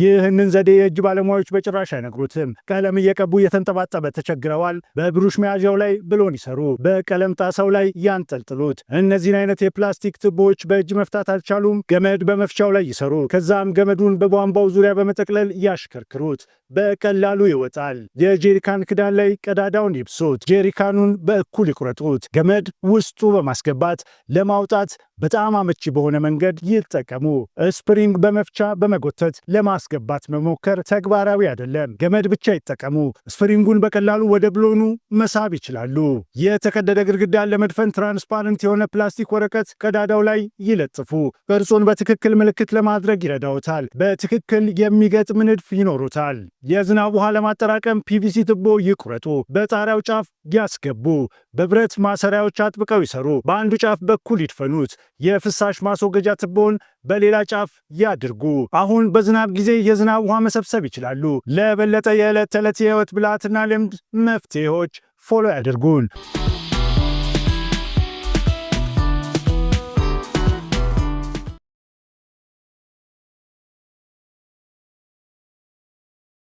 ይህንን ዘዴ የእጅ ባለሙያዎች በጭራሽ አይነግሩትም። ቀለም እየቀቡ እየተንጠባጠበ ተቸግረዋል። በብሩሽ መያዣው ላይ ብሎን ይሰሩ፣ በቀለም ጣሳው ላይ ያንጠልጥሉት። እነዚህን አይነት የፕላስቲክ ቱቦዎች በእጅ መፍታት አልቻሉም። ገመድ በመፍቻው ላይ ይሰሩ፣ ከዛም ገመዱን በቧንቧው ዙሪያ በመጠቅለል ያሽከርክሩት። በቀላሉ ይወጣል። የጄሪካን ክዳን ላይ ቀዳዳውን ይብሱት። ጄሪካኑን በእኩል ይቁረጡት። ገመድ ውስጡ በማስገባት ለማውጣት በጣም አመቺ በሆነ መንገድ ይጠቀሙ። ስፕሪንግ በመፍቻ በመጎተት ለማ ለማስገባት መሞከር ተግባራዊ አይደለም። ገመድ ብቻ ይጠቀሙ። ስፕሪንጉን በቀላሉ ወደ ብሎኑ መሳብ ይችላሉ። የተቀደደ ግድግዳን ለመድፈን ትራንስፓረንት የሆነ ፕላስቲክ ወረቀት ቀዳዳው ላይ ይለጥፉ። ቅርጹን በትክክል ምልክት ለማድረግ ይረዳዎታል። በትክክል የሚገጥም ንድፍ ይኖሩታል። የዝናብ ውሃ ለማጠራቀም ፒቪሲ ትቦ ይቁረጡ። በጣሪያው ጫፍ ያስገቡ። በብረት ማሰሪያዎች አጥብቀው ይሰሩ። በአንዱ ጫፍ በኩል ይድፈኑት። የፍሳሽ ማስወገጃ ትቦን በሌላ ጫፍ ያድርጉ። አሁን በዝናብ ጊዜ የዝናብ ውሃ መሰብሰብ ይችላሉ። ለበለጠ የዕለት ተዕለት የህይወት ብልሃትና ልምድ መፍትሄዎች ፎሎ ያድርጉን።